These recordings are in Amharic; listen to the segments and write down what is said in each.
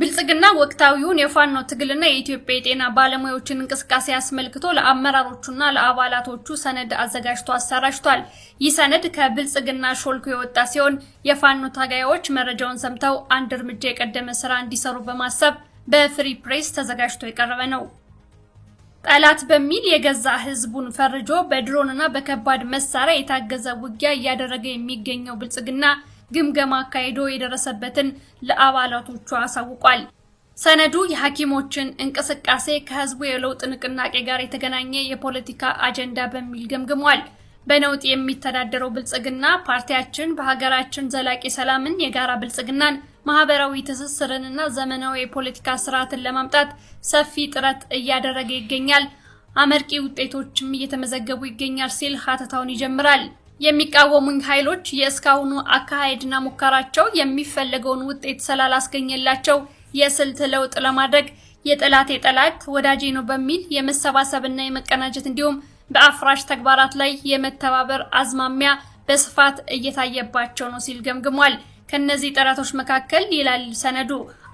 ብልጽግና ወቅታዊውን የፋኖ ትግልና የኢትዮጵያ የጤና ባለሙያዎችን እንቅስቃሴ አስመልክቶ ለአመራሮቹና ለአባላቶቹ ሰነድ አዘጋጅቶ አሰራጅቷል። ይህ ሰነድ ከብልጽግና ሾልኮ የወጣ ሲሆን የፋኖ ታጋዮች መረጃውን ሰምተው አንድ እርምጃ የቀደመ ስራ እንዲሰሩ በማሰብ በፍሪ ፕሬስ ተዘጋጅቶ የቀረበ ነው። ጠላት በሚል የገዛ ህዝቡን ፈርጆ በድሮንና በከባድ መሳሪያ የታገዘ ውጊያ እያደረገ የሚገኘው ብልጽግና ግምገማ አካሂዶ የደረሰበትን ለአባላቶቹ አሳውቋል። ሰነዱ የሐኪሞችን እንቅስቃሴ ከህዝቡ የለውጥ ንቅናቄ ጋር የተገናኘ የፖለቲካ አጀንዳ በሚል ገምግሟል። በነውጥ የሚተዳደረው ብልጽግና ፓርቲያችን በሀገራችን ዘላቂ ሰላምን፣ የጋራ ብልጽግናን፣ ማህበራዊ ትስስርንና ዘመናዊ የፖለቲካ ስርዓትን ለማምጣት ሰፊ ጥረት እያደረገ ይገኛል፣ አመርቂ ውጤቶችም እየተመዘገቡ ይገኛል ሲል ሀተታውን ይጀምራል። የሚቃወሙኝ ኃይሎች የእስካሁኑ አካሄድና ሙከራቸው የሚፈለገውን ውጤት ስላላስገኘላቸው የስልት ለውጥ ለማድረግ የጥላት የጠላት ወዳጄ ነው በሚል የመሰባሰብና የመቀናጀት እንዲሁም በአፍራሽ ተግባራት ላይ የመተባበር አዝማሚያ በስፋት እየታየባቸው ነው ሲል ገምግሟል። ከነዚህ ጥረቶች መካከል ይላል ሰነዱ፣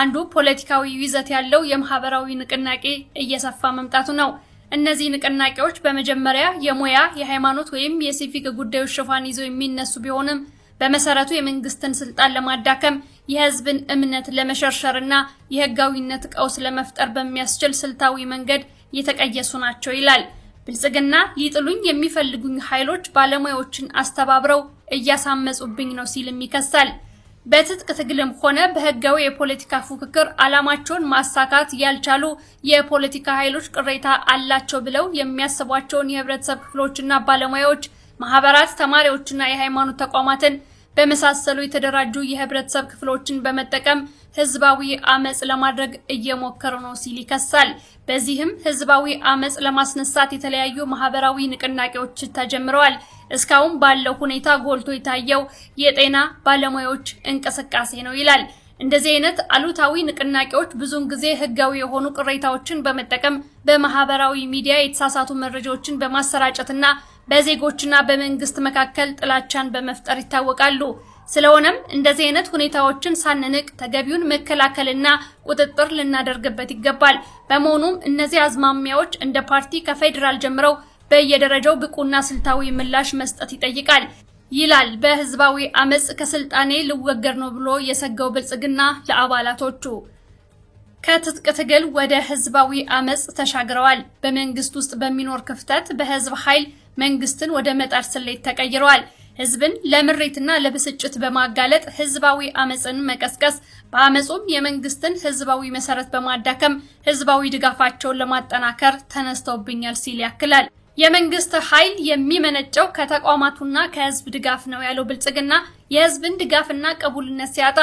አንዱ ፖለቲካዊ ይዘት ያለው የማህበራዊ ንቅናቄ እየሰፋ መምጣቱ ነው። እነዚህ ንቅናቄዎች በመጀመሪያ የሙያ የሃይማኖት ወይም የሲቪክ ጉዳዮች ሽፋን ይዘው የሚነሱ ቢሆንም በመሰረቱ የመንግስትን ስልጣን ለማዳከም የህዝብን እምነት ለመሸርሸር እና የህጋዊነት ቀውስ ለመፍጠር በሚያስችል ስልታዊ መንገድ የተቀየሱ ናቸው ይላል። ብልጽግና ሊጥሉኝ የሚፈልጉኝ ኃይሎች ባለሙያዎችን አስተባብረው እያሳመጹብኝ ነው ሲልም ይከሳል። በትጥቅ ትግልም ሆነ በህጋዊ የፖለቲካ ፉክክር አላማቸውን ማሳካት ያልቻሉ የፖለቲካ ኃይሎች ቅሬታ አላቸው ብለው የሚያስቧቸውን የህብረተሰብ ክፍሎችና ባለሙያዎች፣ ማህበራት፣ ተማሪዎችና የሃይማኖት ተቋማትን በመሳሰሉ የተደራጁ የህብረተሰብ ክፍሎችን በመጠቀም ህዝባዊ አመጽ ለማድረግ እየሞከሩ ነው ሲል ይከሳል። በዚህም ህዝባዊ አመጽ ለማስነሳት የተለያዩ ማህበራዊ ንቅናቄዎች ተጀምረዋል። እስካሁን ባለው ሁኔታ ጎልቶ የታየው የጤና ባለሙያዎች እንቅስቃሴ ነው ይላል። እንደዚህ አይነት አሉታዊ ንቅናቄዎች ብዙውን ጊዜ ህጋዊ የሆኑ ቅሬታዎችን በመጠቀም በማህበራዊ ሚዲያ የተሳሳቱ መረጃዎችን በማሰራጨትና በዜጎችና በመንግስት መካከል ጥላቻን በመፍጠር ይታወቃሉ። ስለሆነም እንደዚህ አይነት ሁኔታዎችን ሳንንቅ ተገቢውን መከላከልና ቁጥጥር ልናደርግበት ይገባል። በመሆኑም እነዚህ አዝማሚያዎች እንደ ፓርቲ ከፌዴራል ጀምረው በየደረጃው ብቁና ስልታዊ ምላሽ መስጠት ይጠይቃል ይላል በህዝባዊ አመፅ ከስልጣኔ ልወገድ ነው ብሎ የሰገው ብልጽግና ለአባላቶቹ። ከትጥቅ ትግል ወደ ህዝባዊ አመፅ ተሻግረዋል። በመንግስት ውስጥ በሚኖር ክፍተት በህዝብ ኃይል መንግስትን ወደ መጣር ስሌት ተቀይረዋል። ህዝብን ለምሬትና ለብስጭት በማጋለጥ ህዝባዊ አመፅን መቀስቀስ፣ በአመፁም የመንግስትን ህዝባዊ መሰረት በማዳከም ህዝባዊ ድጋፋቸውን ለማጠናከር ተነስተውብኛል ሲል ያክላል። የመንግስት ኃይል የሚመነጨው ከተቋማቱና ከህዝብ ድጋፍ ነው ያለው ብልጽግና የህዝብን ድጋፍና ቅቡልነት ሲያጣ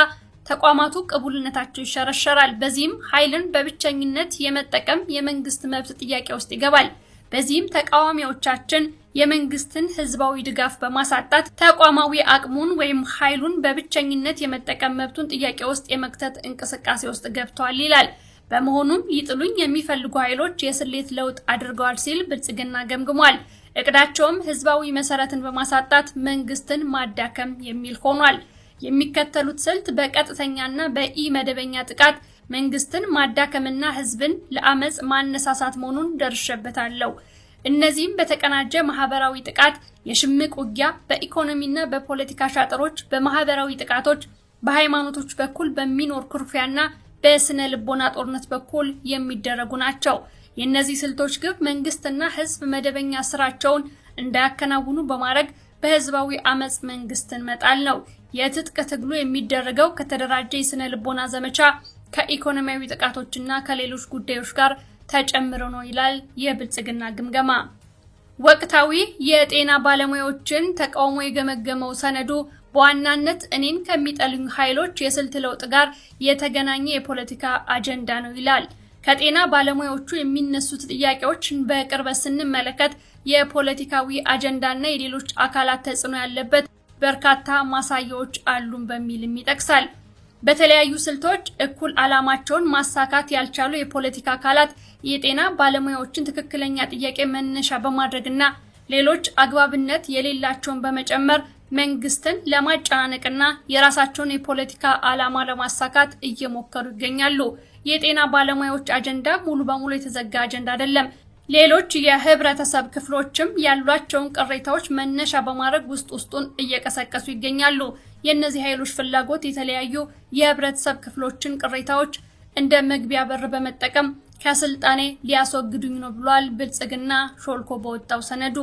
ተቋማቱ ቅቡልነታቸው ይሸረሸራል። በዚህም ኃይልን በብቸኝነት የመጠቀም የመንግስት መብት ጥያቄ ውስጥ ይገባል። በዚህም ተቃዋሚዎቻችን የመንግስትን ህዝባዊ ድጋፍ በማሳጣት ተቋማዊ አቅሙን ወይም ኃይሉን በብቸኝነት የመጠቀም መብቱን ጥያቄ ውስጥ የመክተት እንቅስቃሴ ውስጥ ገብቷል ይላል። በመሆኑም ይጥሉኝ የሚፈልጉ ኃይሎች የስሌት ለውጥ አድርገዋል ሲል ብልጽግና ገምግሟል። እቅዳቸውም ህዝባዊ መሰረትን በማሳጣት መንግስትን ማዳከም የሚል ሆኗል። የሚከተሉት ስልት በቀጥተኛና በኢ መደበኛ ጥቃት መንግስትን ማዳከምና ህዝብን ለአመፅ ማነሳሳት መሆኑን ደርሸበታለሁ። እነዚህም በተቀናጀ ማህበራዊ ጥቃት፣ የሽምቅ ውጊያ፣ በኢኮኖሚና በፖለቲካ ሻጥሮች፣ በማህበራዊ ጥቃቶች፣ በሃይማኖቶች በኩል በሚኖር ኩርፊያና በስነ ልቦና ጦርነት በኩል የሚደረጉ ናቸው። የእነዚህ ስልቶች ግብ መንግስትና ህዝብ መደበኛ ስራቸውን እንዳያከናውኑ በማድረግ በህዝባዊ አመፅ መንግስትን መጣል ነው። የትጥቅ ትግሉ የሚደረገው ከተደራጀ የስነ ልቦና ዘመቻ ከኢኮኖሚያዊ ጥቃቶችና ከሌሎች ጉዳዮች ጋር ተጨምሮ ነው ይላል የብልጽግና ግምገማ። ወቅታዊ የጤና ባለሙያዎችን ተቃውሞ የገመገመው ሰነዱ በዋናነት እኔን ከሚጠሉኝ ኃይሎች የስልት ለውጥ ጋር የተገናኘ የፖለቲካ አጀንዳ ነው ይላል። ከጤና ባለሙያዎቹ የሚነሱት ጥያቄዎችን በቅርበት ስንመለከት የፖለቲካዊ አጀንዳና የሌሎች አካላት ተጽዕኖ ያለበት በርካታ ማሳያዎች አሉን በሚልም ይጠቅሳል። በተለያዩ ስልቶች እኩል ዓላማቸውን ማሳካት ያልቻሉ የፖለቲካ አካላት የጤና ባለሙያዎችን ትክክለኛ ጥያቄ መነሻ በማድረግና ሌሎች አግባብነት የሌላቸውን በመጨመር መንግስትን ለማጨናነቅና የራሳቸውን የፖለቲካ ዓላማ ለማሳካት እየሞከሩ ይገኛሉ። የጤና ባለሙያዎች አጀንዳ ሙሉ በሙሉ የተዘጋ አጀንዳ አይደለም። ሌሎች የህብረተሰብ ክፍሎችም ያሏቸውን ቅሬታዎች መነሻ በማድረግ ውስጥ ውስጡን እየቀሰቀሱ ይገኛሉ። የእነዚህ ኃይሎች ፍላጎት የተለያዩ የህብረተሰብ ክፍሎችን ቅሬታዎች እንደ መግቢያ በር በመጠቀም ከስልጣኔ ሊያስወግዱኝ ነው ብሏል ብልጽግና ሾልኮ በወጣው ሰነዱ።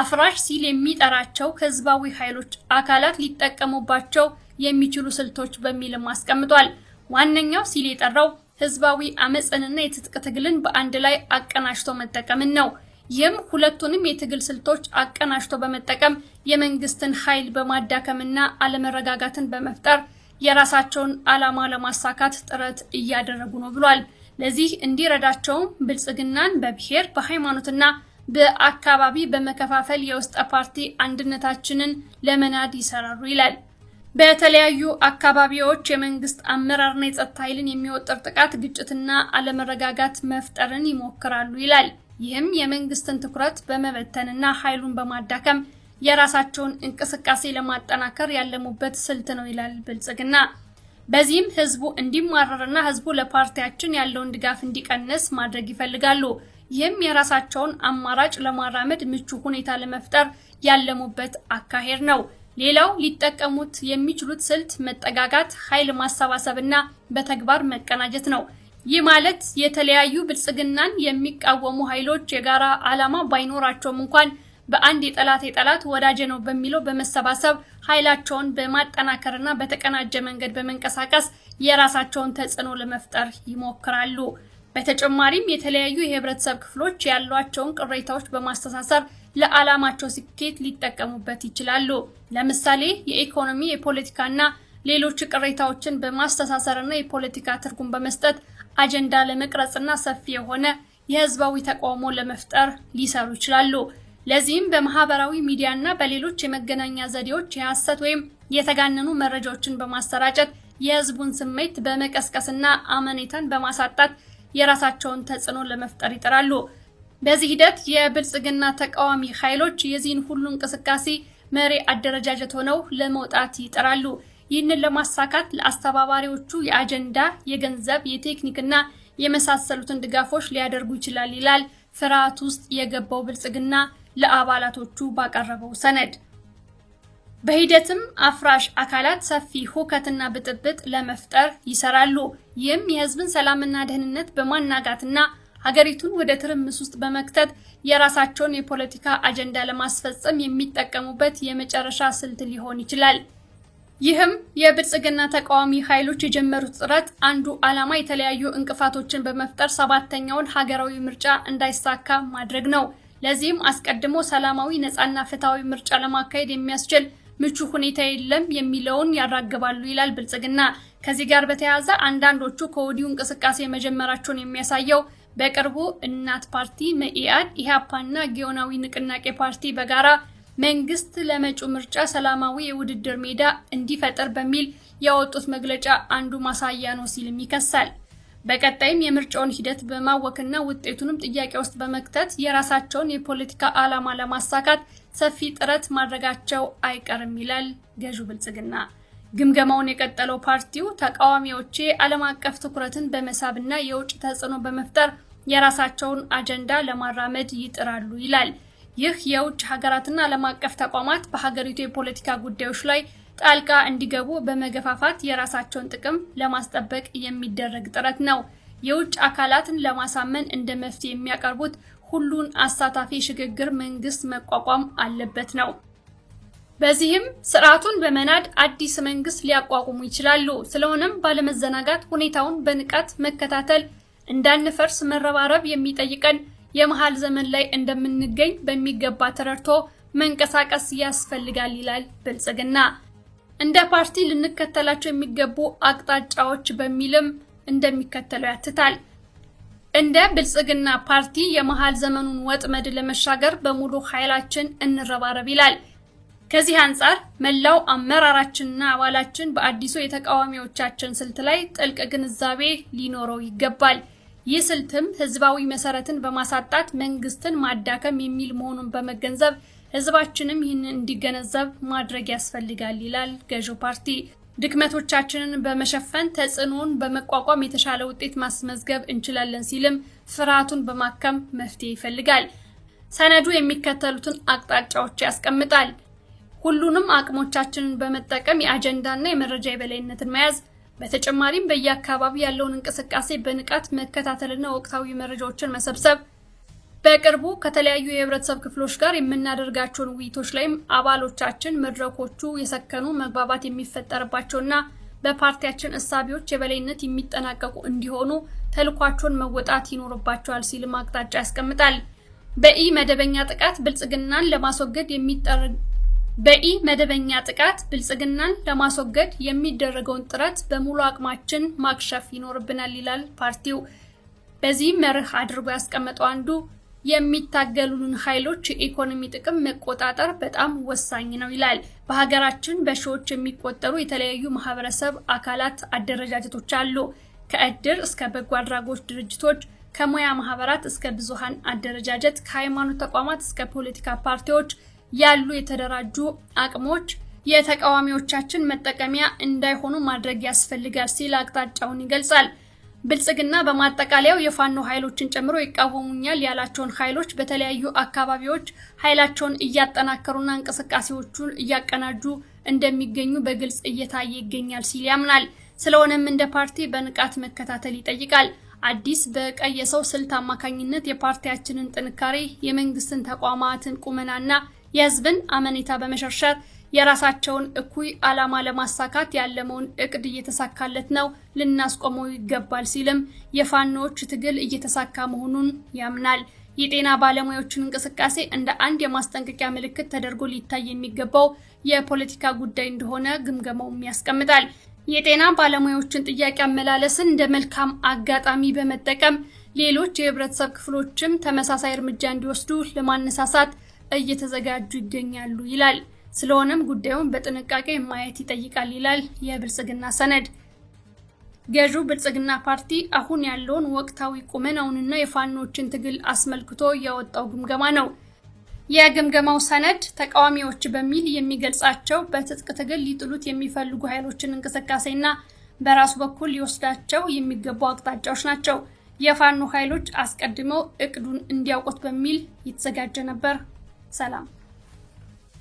አፍራሽ ሲል የሚጠራቸው ከህዝባዊ ኃይሎች አካላት ሊጠቀሙባቸው የሚችሉ ስልቶች በሚልም አስቀምጧል። ዋነኛው ሲል የጠራው ህዝባዊ አመፅንና የትጥቅ ትግልን በአንድ ላይ አቀናጅቶ መጠቀምን ነው። ይህም ሁለቱንም የትግል ስልቶች አቀናጅቶ በመጠቀም የመንግስትን ኃይል በማዳከምና አለመረጋጋትን በመፍጠር የራሳቸውን ዓላማ ለማሳካት ጥረት እያደረጉ ነው ብሏል። ለዚህ እንዲረዳቸውም ብልጽግናን በብሔር በሃይማኖትና በአካባቢ በመከፋፈል የውስጥ ፓርቲ አንድነታችንን ለመናድ ይሰራሉ ይላል። በተለያዩ አካባቢዎች የመንግስት አመራርና የጸጥታ ኃይልን የሚወጥር ጥቃት ግጭትና አለመረጋጋት መፍጠርን ይሞክራሉ ይላል። ይህም የመንግስትን ትኩረት በመበተንና ኃይሉን በማዳከም የራሳቸውን እንቅስቃሴ ለማጠናከር ያለሙበት ስልት ነው ይላል ብልጽግና። በዚህም ህዝቡ እንዲማረርና ህዝቡ ለፓርቲያችን ያለውን ድጋፍ እንዲቀንስ ማድረግ ይፈልጋሉ። ይህም የራሳቸውን አማራጭ ለማራመድ ምቹ ሁኔታ ለመፍጠር ያለሙበት አካሄድ ነው። ሌላው ሊጠቀሙት የሚችሉት ስልት መጠጋጋት፣ ኃይል ማሰባሰብ እና በተግባር መቀናጀት ነው። ይህ ማለት የተለያዩ ብልጽግናን የሚቃወሙ ኃይሎች የጋራ ዓላማ ባይኖራቸውም እንኳን በአንድ የጠላት የጠላት ወዳጀ ነው በሚለው በመሰባሰብ ኃይላቸውን በማጠናከርና በተቀናጀ መንገድ በመንቀሳቀስ የራሳቸውን ተጽዕኖ ለመፍጠር ይሞክራሉ። በተጨማሪም የተለያዩ የህብረተሰብ ክፍሎች ያሏቸውን ቅሬታዎች በማስተሳሰር ለዓላማቸው ስኬት ሊጠቀሙበት ይችላሉ። ለምሳሌ የኢኮኖሚ፣ የፖለቲካና ሌሎች ቅሬታዎችን በማስተሳሰርና የፖለቲካ ትርጉም በመስጠት አጀንዳ ለመቅረጽና ሰፊ የሆነ የህዝባዊ ተቃውሞ ለመፍጠር ሊሰሩ ይችላሉ። ለዚህም በማህበራዊ ሚዲያና በሌሎች የመገናኛ ዘዴዎች የሐሰት ወይም የተጋነኑ መረጃዎችን በማሰራጨት የህዝቡን ስሜት በመቀስቀስና አመኔታን በማሳጣት የራሳቸውን ተጽዕኖ ለመፍጠር ይጥራሉ። በዚህ ሂደት የብልጽግና ተቃዋሚ ኃይሎች የዚህን ሁሉ እንቅስቃሴ መሪ አደረጃጀት ሆነው ለመውጣት ይጥራሉ። ይህንን ለማሳካት ለአስተባባሪዎቹ የአጀንዳ፣ የገንዘብ፣ የቴክኒክና የመሳሰሉትን ድጋፎች ሊያደርጉ ይችላል ይላል ፍርሃት ውስጥ የገባው ብልጽግና ለአባላቶቹ ባቀረበው ሰነድ። በሂደትም አፍራሽ አካላት ሰፊ ሁከትና ብጥብጥ ለመፍጠር ይሰራሉ። ይህም የህዝብን ሰላምና ደህንነት በማናጋትና ሀገሪቱን ወደ ትርምስ ውስጥ በመክተት የራሳቸውን የፖለቲካ አጀንዳ ለማስፈጸም የሚጠቀሙበት የመጨረሻ ስልት ሊሆን ይችላል። ይህም የብልጽግና ተቃዋሚ ኃይሎች የጀመሩት ጥረት አንዱ ዓላማ የተለያዩ እንቅፋቶችን በመፍጠር ሰባተኛውን ሀገራዊ ምርጫ እንዳይሳካ ማድረግ ነው። ለዚህም አስቀድሞ ሰላማዊ፣ ነፃና ፍትሐዊ ምርጫ ለማካሄድ የሚያስችል ምቹ ሁኔታ የለም የሚለውን ያራግባሉ ይላል ብልጽግና። ከዚህ ጋር በተያያዘ አንዳንዶቹ ከወዲሁ እንቅስቃሴ መጀመራቸውን የሚያሳየው በቅርቡ እናት ፓርቲ፣ መኢአድ፣ ኢህአፓና ጊዮናዊ ንቅናቄ ፓርቲ በጋራ መንግስት ለመጪው ምርጫ ሰላማዊ የውድድር ሜዳ እንዲፈጠር በሚል ያወጡት መግለጫ አንዱ ማሳያ ነው ሲልም ይከሳል። በቀጣይም የምርጫውን ሂደት በማወክና ውጤቱንም ጥያቄ ውስጥ በመክተት የራሳቸውን የፖለቲካ ዓላማ ለማሳካት ሰፊ ጥረት ማድረጋቸው አይቀርም ይላል ገዢው ብልጽግና። ግምገማውን የቀጠለው ፓርቲው ተቃዋሚዎቼ ዓለም አቀፍ ትኩረትን በመሳብና የውጭ ተጽዕኖ በመፍጠር የራሳቸውን አጀንዳ ለማራመድ ይጥራሉ ይላል። ይህ የውጭ ሀገራትና ዓለም አቀፍ ተቋማት በሀገሪቱ የፖለቲካ ጉዳዮች ላይ ጣልቃ እንዲገቡ በመገፋፋት የራሳቸውን ጥቅም ለማስጠበቅ የሚደረግ ጥረት ነው። የውጭ አካላትን ለማሳመን እንደ መፍትሄ የሚያቀርቡት ሁሉን አሳታፊ ሽግግር መንግስት መቋቋም አለበት ነው። በዚህም ስርዓቱን በመናድ አዲስ መንግስት ሊያቋቁሙ ይችላሉ። ስለሆነም ባለመዘናጋት ሁኔታውን በንቃት መከታተል እንዳንፈርስ መረባረብ የሚጠይቀን የመሀል ዘመን ላይ እንደምንገኝ በሚገባ ተረድቶ መንቀሳቀስ ያስፈልጋል ይላል ብልጽግና። እንደ ፓርቲ ልንከተላቸው የሚገቡ አቅጣጫዎች በሚልም እንደሚከተለው ያትታል። እንደ ብልጽግና ፓርቲ የመሀል ዘመኑን ወጥመድ ለመሻገር በሙሉ ኃይላችን እንረባረብ ይላል። ከዚህ አንጻር መላው አመራራችንና አባላችን በአዲሱ የተቃዋሚዎቻችን ስልት ላይ ጥልቅ ግንዛቤ ሊኖረው ይገባል። ይህ ስልትም ህዝባዊ መሰረትን በማሳጣት መንግስትን ማዳከም የሚል መሆኑን በመገንዘብ ህዝባችንም ይህንን እንዲገነዘብ ማድረግ ያስፈልጋል ይላል ገዢው ፓርቲ። ድክመቶቻችንን በመሸፈን ተጽዕኖውን በመቋቋም የተሻለ ውጤት ማስመዝገብ እንችላለን ሲልም ፍርሃቱን በማከም መፍትሄ ይፈልጋል። ሰነዱ የሚከተሉትን አቅጣጫዎች ያስቀምጣል። ሁሉንም አቅሞቻችንን በመጠቀም የአጀንዳና የመረጃ የበላይነትን መያዝ በተጨማሪም በየአካባቢ ያለውን እንቅስቃሴ በንቃት መከታተልና ወቅታዊ መረጃዎችን መሰብሰብ፣ በቅርቡ ከተለያዩ የህብረተሰብ ክፍሎች ጋር የምናደርጋቸውን ውይይቶች ላይም አባሎቻችን መድረኮቹ የሰከኑ መግባባት የሚፈጠርባቸውና በፓርቲያችን እሳቢዎች የበላይነት የሚጠናቀቁ እንዲሆኑ ተልኳቸውን መወጣት ይኖርባቸዋል ሲልም አቅጣጫ ያስቀምጣል። በኢ መደበኛ ጥቃት ብልጽግናን ለማስወገድ የሚጠረ በኢ መደበኛ ጥቃት ብልጽግናን ለማስወገድ የሚደረገውን ጥረት በሙሉ አቅማችን ማክሸፍ ይኖርብናል ይላል ፓርቲው። በዚህም መርህ አድርጎ ያስቀመጠው አንዱ የሚታገሉን ኃይሎች የኢኮኖሚ ጥቅም መቆጣጠር በጣም ወሳኝ ነው ይላል። በሀገራችን በሺዎች የሚቆጠሩ የተለያዩ ማህበረሰብ አካላት አደረጃጀቶች አሉ። ከእድር እስከ በጎ አድራጎት ድርጅቶች፣ ከሙያ ማህበራት እስከ ብዙሀን አደረጃጀት፣ ከሃይማኖት ተቋማት እስከ ፖለቲካ ፓርቲዎች ያሉ የተደራጁ አቅሞች የተቃዋሚዎቻችን መጠቀሚያ እንዳይሆኑ ማድረግ ያስፈልጋል ሲል አቅጣጫውን ይገልጻል። ብልጽግና በማጠቃለያው የፋኖ ኃይሎችን ጨምሮ ይቃወሙኛል ያላቸውን ኃይሎች በተለያዩ አካባቢዎች ኃይላቸውን እያጠናከሩና እንቅስቃሴዎቹን እያቀናጁ እንደሚገኙ በግልጽ እየታየ ይገኛል ሲል ያምናል። ስለሆነም እንደ ፓርቲ በንቃት መከታተል ይጠይቃል። አዲስ በቀየሰው ስልት አማካኝነት የፓርቲያችንን ጥንካሬ፣ የመንግስትን ተቋማትን ቁመናና የህዝብን አመኔታ በመሸርሸር የራሳቸውን እኩይ ዓላማ ለማሳካት ያለመውን እቅድ እየተሳካለት ነው፣ ልናስቆመው ይገባል ሲልም የፋኖዎች ትግል እየተሳካ መሆኑን ያምናል። የጤና ባለሙያዎችን እንቅስቃሴ እንደ አንድ የማስጠንቀቂያ ምልክት ተደርጎ ሊታይ የሚገባው የፖለቲካ ጉዳይ እንደሆነ ግምገማውም ያስቀምጣል። የጤና ባለሙያዎችን ጥያቄ አመላለስን እንደ መልካም አጋጣሚ በመጠቀም ሌሎች የህብረተሰብ ክፍሎችም ተመሳሳይ እርምጃ እንዲወስዱ ለማነሳሳት እየተዘጋጁ ይገኛሉ ይላል። ስለሆነም ጉዳዩን በጥንቃቄ ማየት ይጠይቃል ይላል የብልጽግና ሰነድ። ገዢው ብልጽግና ፓርቲ አሁን ያለውን ወቅታዊ ቁመናውንና የፋኖችን ትግል አስመልክቶ ያወጣው ግምገማ ነው። የግምገማው ሰነድ ተቃዋሚዎች በሚል የሚገልጻቸው በትጥቅ ትግል ሊጥሉት የሚፈልጉ ኃይሎችን እንቅስቃሴና በራሱ በኩል ሊወስዳቸው የሚገቡ አቅጣጫዎች ናቸው። የፋኖ ኃይሎች አስቀድመው እቅዱን እንዲያውቁት በሚል የተዘጋጀ ነበር። ሰላም